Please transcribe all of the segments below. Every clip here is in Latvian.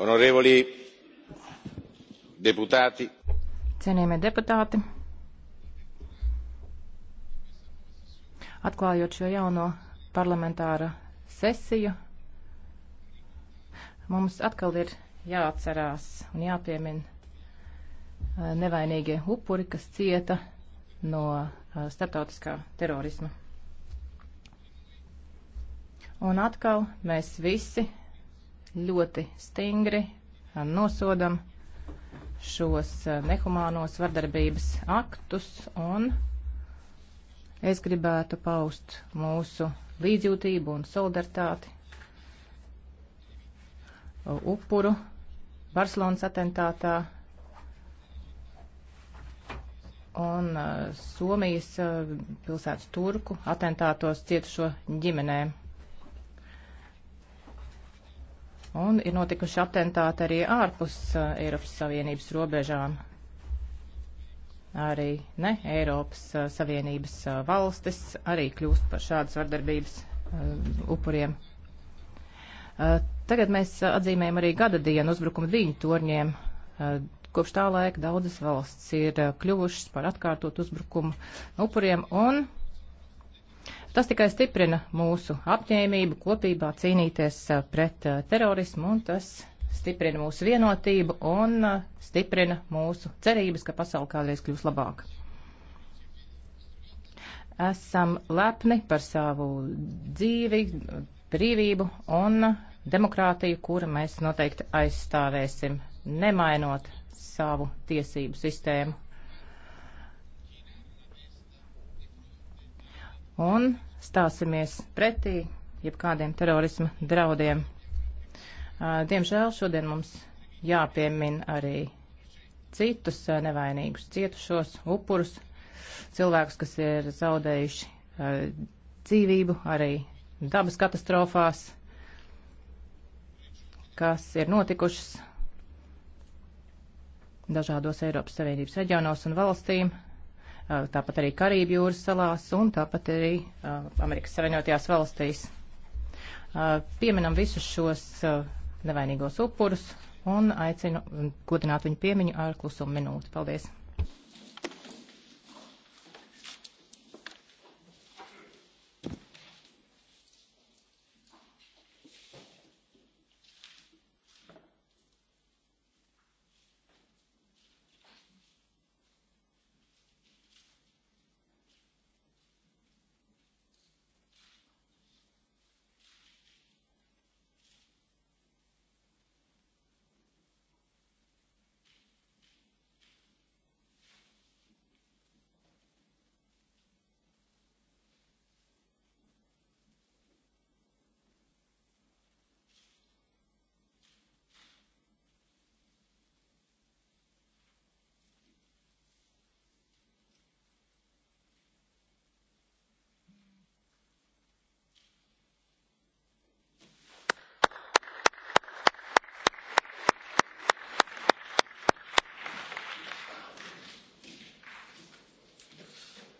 onorevoli deputāti cienījamie deputāti atklājot šo jauno parlamentāra sesiju mums atkal ir jāatcerās un jāpiemina eh, nevainīgie upuri, kas cieta no eh, starptautiskā terorisma. Un atkal mēs visi ļoti stingri nosodam šos eh, nehumānos vardarbības aktus un es gribētu paust mūsu līdzjūtību un solidaritāti eh, upuru Barcelonas atentātā un eh, Somijas pilsētas turku atentātos cietušo ģimenēm. un ir notikuši atentāti arī ārpus Eiropas Savienības robežām. Arī ne Eiropas Savienības valstis arī kļūst par šādas vardarbības upuriem. Tagad mēs atzīmējam arī gada dienu uzbrukumu diņu torņiem. Kopš tā laika daudzas valsts ir kļuvušas par atkārtot uzbrukumu upuriem un Tas tikai stiprina mūsu apņēmību kopībā cīnīties uh, pret uh, terorismu, un tas stiprina mūsu vienotību un uh, stiprina mūsu cerības, ka pasauli kādreiz kļūs labāka. Esam lepni par savu dzīvi, brīvību un demokrātiju, kuru mēs noteikti aizstāvēsim, nemainot savu tiesību sistēmu un stāsimies pretī jebkādiem terorisma draudiem. Diemžēl šodien mums jāpiemin arī citus nevainīgus cietušos, upurus, cilvēkus, kas ir zaudējuši dzīvību arī dabas katastrofās, kas ir notikušas dažādos Eiropas Savienības reģionos un valstīm, Eh, tāpat arī Karību jūras salās un tāpat arī eh, Amerikas Savienotajās valstīs. Eh, pieminam visus šos nevainīgos upurus un aicinu godināt viņu piemiņu ar klusumu minūti. Paldies!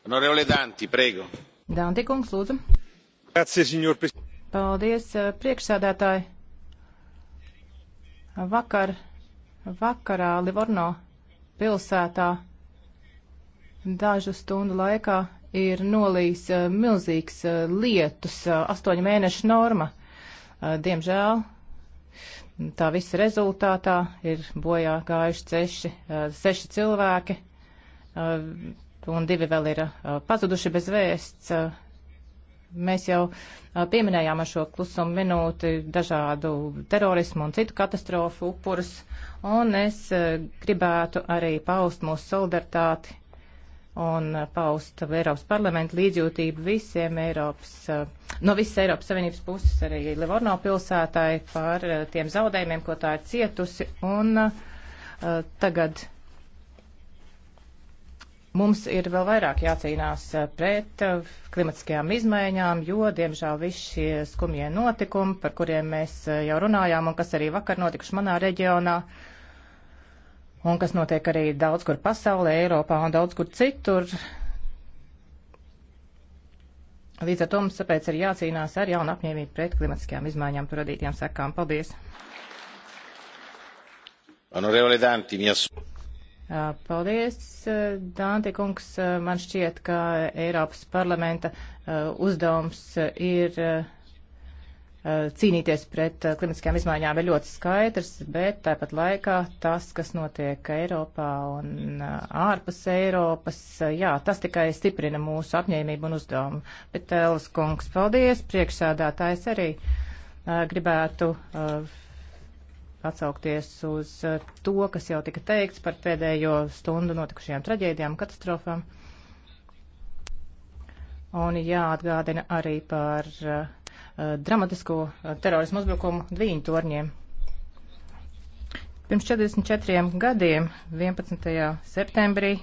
Honorevole Danti, prego. Danti kungs, lūdzu. Grazie, signor Presidente. Paldies, eh, priekšsādātāji. Vakar, vakarā Livorno pilsētā dažu stundu laikā ir nolījis eh, milzīgs eh, lietus, astoņu mēnešu norma. Diemžēl tā visa rezultātā ir bojā gājuši ceši, seši cilvēki un divi vēl ir pazuduši bez vēsts. Mēs jau pieminējām ar šo klusumu minūti dažādu terorismu un citu katastrofu upurus, un es gribētu arī paust mūsu solidaritāti un paust Eiropas parlamentu līdzjūtību visiem Eiropas, no visas Eiropas Savienības puses arī Livorno pilsētāji par tiem zaudējumiem, ko tā ir cietusi, un tagad Mums ir vēl vairāk jācīnās eh, pret eh, klimatiskajām izmaiņām, jo, diemžēl, visi šie skumjie notikumi, par kuriem mēs eh, jau runājām un kas arī vakar notikuši manā reģionā, un kas notiek arī daudz kur pasaulē, Eiropā un daudz kur citur. Līdz ar to mums tāpēc ir jācīnās ar jaunu apņēmību pret klimatiskajām izmaiņām par radītiem sekām. Paldies! Honorevole Danti, mi assumo. Paldies, Dante kungs. Man šķiet, ka Eiropas parlamenta uh, uzdevums ir uh, uh, cīnīties pret klimatiskajām izmaiņām ir ļoti skaidrs, bet tāpat laikā tas, kas notiek Eiropā un ārpus Eiropas, jā, tas tikai stiprina mūsu apņēmību un uzdevumu. Bet Elvis kungs, paldies, priekšsādātājs arī gribētu atsaukties uz eh, to, kas jau tika teikts par pēdējo stundu notikušajām traģēdijām, katastrofām. Un jāatgādina arī par uh, dramatisko eh, terorismu uzbrukumu dviņu torņiem. Pirms 44 gadiem, 11. septembrī,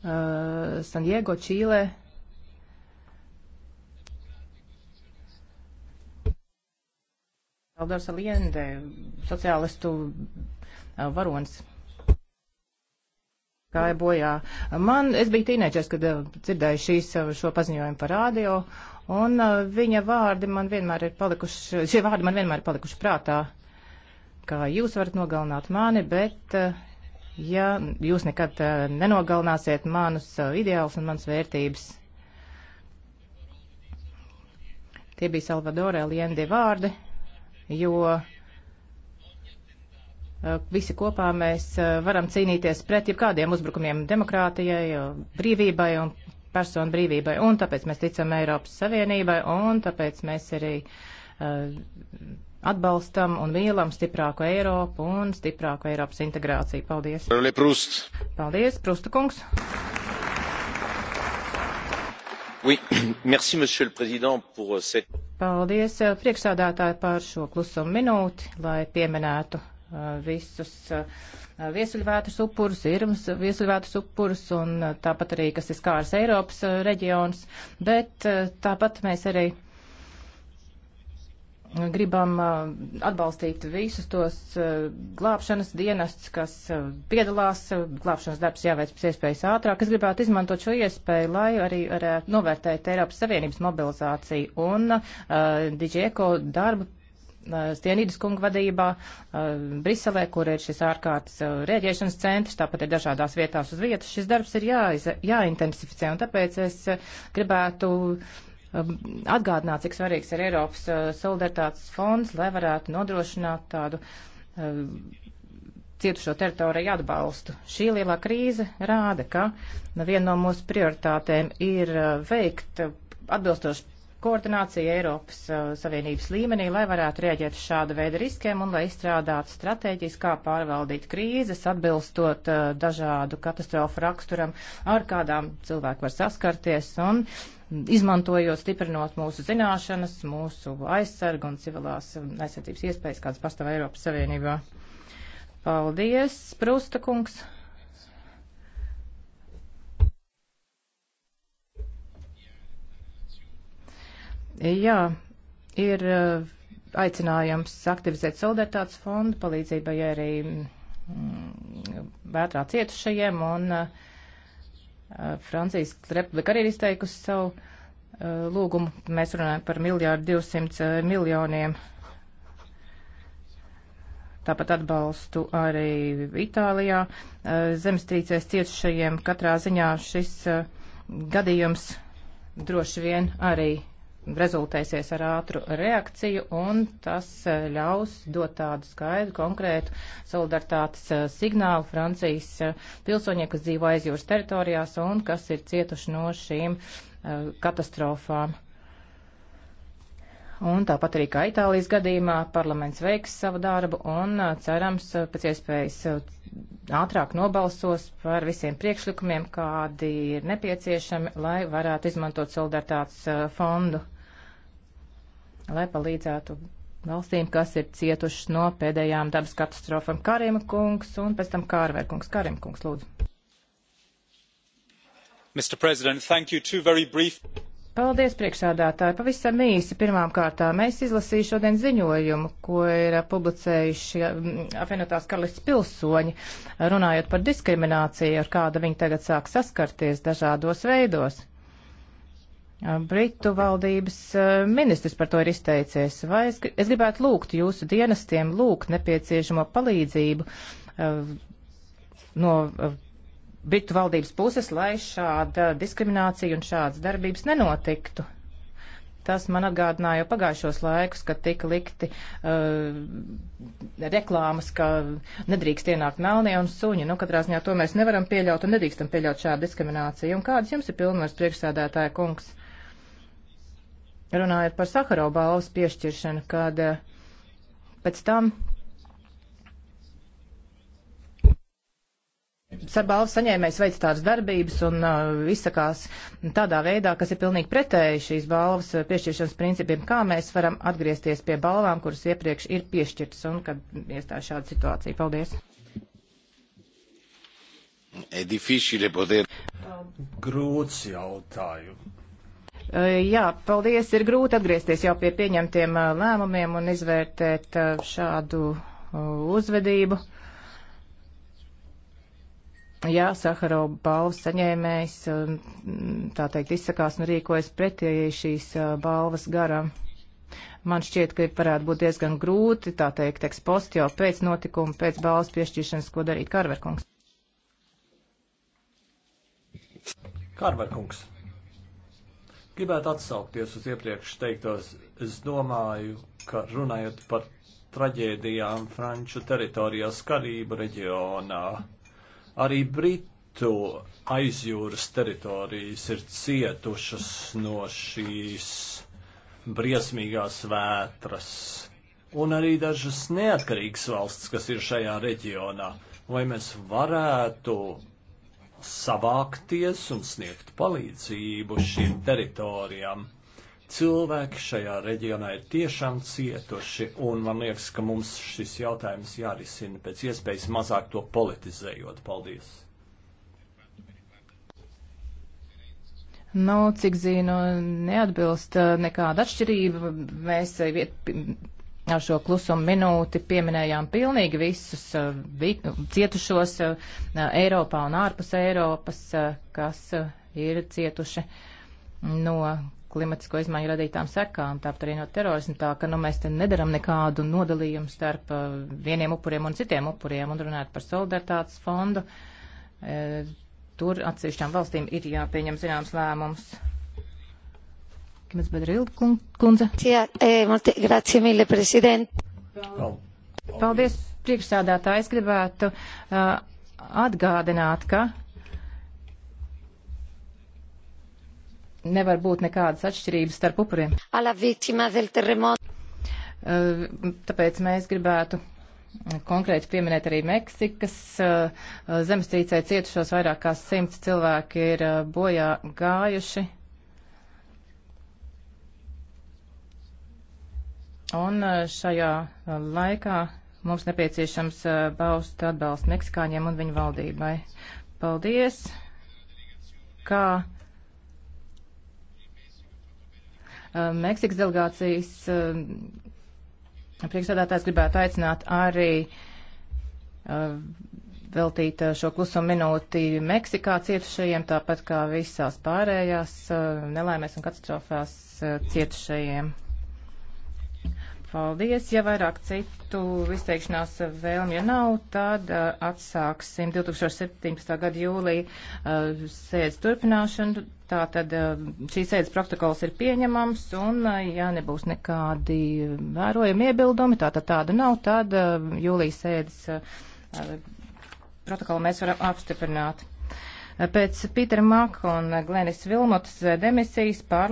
uh, Sandiego, Čīlē, Aldors Aliende, sociālistu eh, varons gāja bojā. Man, es biju tīnēķis, kad eh, dzirdēju šīs, eh, šo paziņojumu par radio, un viņa vārdi man vienmēr ir palikuši, šie vārdi man vienmēr ir palikuši prātā, ka jūs varat nogalināt mani, bet ja jūs nekad nenogalināsiet manus ideālus un manas vērtības. Tie bija Salvadorē Liende vārdi, jo eh, visi kopā mēs eh, varam cīnīties pret jebkādiem uzbrukumiem demokrātijai, eh, brīvībai un personu brīvībai. Un tāpēc mēs ticam Eiropas Savienībai un tāpēc mēs arī atbalstam un mīlam stiprāku Eiropu un stiprāku Eiropas integrāciju. Paldies! Paldies, Prusta kungs! Oui. Merci, monsieur le président, pour euh, cette. Paldies, eh, priekšsādātāji, par šo klusumu minūti, lai pieminētu eh, visus eh, viesuļvētras upurus, irmas viesuļvētras upurus un tāpat arī, kas ir skārs Eiropas reģions, bet tāpat mēs arī gribam uh, atbalstīt visus tos uh, glābšanas dienestus, kas uh, piedalās. Glābšanas darbs jāveic pēc iespējas ātrāk. Es gribētu izmantot šo iespēju, lai arī varētu novērtēt Eiropas Savienības mobilizāciju un uh, Digieko darbu. Uh, Stienīdas kunga vadībā uh, Briselē, kur ir šis ārkārtas uh, rēģēšanas centrs, tāpat ir dažādās vietās uz vietas. Šis darbs ir jā, jāintensificē, un tāpēc es gribētu uh, Um, atgādināt, cik svarīgs ir Eiropas uh, solidaritātes fonds, lai varētu nodrošināt tādu um, cietušo teritoriju atbalstu. Šī lielā krīze rāda, ka viena no mūsu prioritātēm ir uh, veikt uh, atbilstoši koordināciju Eiropas Savienības līmenī, lai varētu rēģēt uz šāda veida riskiem un lai izstrādātu stratēģijas, kā pārvaldīt krīzes, atbilstot dažādu katastrofu raksturam, ar kādām cilvēki var saskarties un uh, izmantojot, stiprinot mūsu zināšanas, mūsu aizsargu un civilās aizsardzības iespējas, kādas pastāv Eiropas Savienībā. Paldies, Prusta kungs! Jā, ir eh, aicinājums aktivizēt solidaritātes fondu palīdzībai arī mm, mm, vētrā cietušajiem un uh, Francijas republika arī ir izteikusi savu eh, lūgumu. Mēs runājam par miljārdu 200 eh, miljoniem. Tāpat atbalstu arī Itālijā. Eh, zemestrīcēs cietušajiem katrā ziņā šis gadījums droši vien arī rezultēsies ar ātru reakciju un tas e, ļaus dot tādu skaidru, konkrētu solidaritātes e, signālu Francijas e, pilsoņiem, kas dzīvo aiz jūras teritorijās un kas ir cietuši no šīm katastrofām. Un tāpat arī kā Itālijas gadījumā parlaments veiks savu darbu un cerams pēc iespējas ātrāk nobalsos par visiem priekšlikumiem, kādi ir nepieciešami, lai varētu izmantot solidaritātes fondu lai palīdzētu valstīm, kas ir cietušas no pēdējām dabas katastrofām. Karima kungs un pēc tam Kārver kungs. Karima kungs, lūdzu. Mr. President, thank you. Two very brief. Paldies, priekšsādātāji. Pavisam īsi pirmām kārtām es izlasīju šodien ziņojumu, ko ir publicējuši mm, apvienotās karalists pilsoņi, runājot par diskrimināciju, ar kādu viņi tagad sāk saskarties dažādos veidos. Britu valdības ministrs par to ir izteicies. Vai es, es gribētu lūgt jūsu dienestiem, lūgt nepieciešamo palīdzību no Britu valdības puses, lai šāda diskriminācija un šādas darbības nenotiktu. Tas man atgādināja jau pagājušos laikus, kad tika likti uh, reklāmas, ka nedrīkst ienākt melnie un suņi. Nu, katrā ziņā to mēs nevaram pieļaut un nedrīkstam pieļaut šādu diskrimināciju. Un kādas jums ir pilnvars priekšsēdētāja kungs? Uh, runājot par Saharau balvas piešķiršanu, kad eh, pēc tam Sarbalvas saņēmējs veic tādas darbības un uh, izsakās tādā veidā, kas ir pilnīgi pretēji šīs balvas eh, piešķiršanas principiem, kā mēs varam atgriezties pie balvām, kuras iepriekš ir piešķirtas un kad iestājas šāda situācija. Paldies! Grūts jautājums Jā, paldies. Ir grūti atgriezties jau pie pieņemtiem lēmumiem un izvērtēt šādu uzvedību. Jā, Saharova balvas saņēmējs, tā teikt, izsakās un rīkojas pretēji šīs balvas garam. Man šķiet, ka varētu būt diezgan grūti, tā teikt, ekspost jau pēc notikuma, pēc balvas piešķiršanas, ko darīt Karverkungs. Karverkungs. Gribētu atsaukties uz iepriekš teiktos. Es domāju, ka runājot par traģēdijām Franču teritorijās Karību reģionā, arī Britu aizjūras teritorijas ir cietušas no šīs briesmīgās vētras. Un arī dažas neatkarīgas valsts, kas ir šajā reģionā. Vai mēs varētu savākties un sniegt palīdzību šīm teritorijām. Cilvēki šajā reģionā ir tiešām cietuši, un man liekas, ka mums šis jautājums jārisina pēc iespējas mazāk to politizējot. Paldies! Nav, nu, cik zinu, neatbilst uh, nekāda atšķirība. Mēs uh, viet, ar šo klusumu minūti pieminējām pilnīgi visus eh, vi, cietušos eh, Eiropā un ārpus Eiropas, eh, kas ir cietuši no klimatisko izmaiņu radītām sekām, tāpat arī no terorisma, tā ka nu, mēs te nedaram nekādu nodalījumu starp vieniem upuriem un citiem upuriem un runāt par solidaritātes fondu. Tur atsevišķām valstīm ir jāpieņem zināms lēmums Kimets Bedrīla kundze. E, grācija, mīļa prezidenta. Paldies, priekšsādātāji. Es gribētu uh, atgādināt, ka nevar būt nekādas atšķirības starp upuriem. Tāpēc mēs gribētu konkrēti pieminēt arī Meksikas zemestrīcē cietušos vairāk kā simts cilvēki ir bojā gājuši. un eh, šajā eh, laikā mums nepieciešams baust eh, atbalstu Meksikāņiem un viņu valdībai. Paldies! Kā Meksikas delegācijas priekšsēdētājs gribētu aicināt arī veltīt šo kluso minūti Meksikā cietušajiem, tāpat kā visās pārējās nelaimēs un katastrofās cietušajiem. Paldies. Ja vairāk citu izteikšanās vēlmju nav, tad uh, atsāksim 2017. gada jūlija uh, sēdes turpināšanu. Tātad uh, šīs sēdes protokols ir pieņemams un, uh, ja nebūs nekādi vērojami iebildumi, tātad tāda nav, tad uh, jūlijas sēdes uh, uh, protokolu mēs varam apstiprināt. Pēc Pītera Maka un Glenis Vilmotas demisijas pār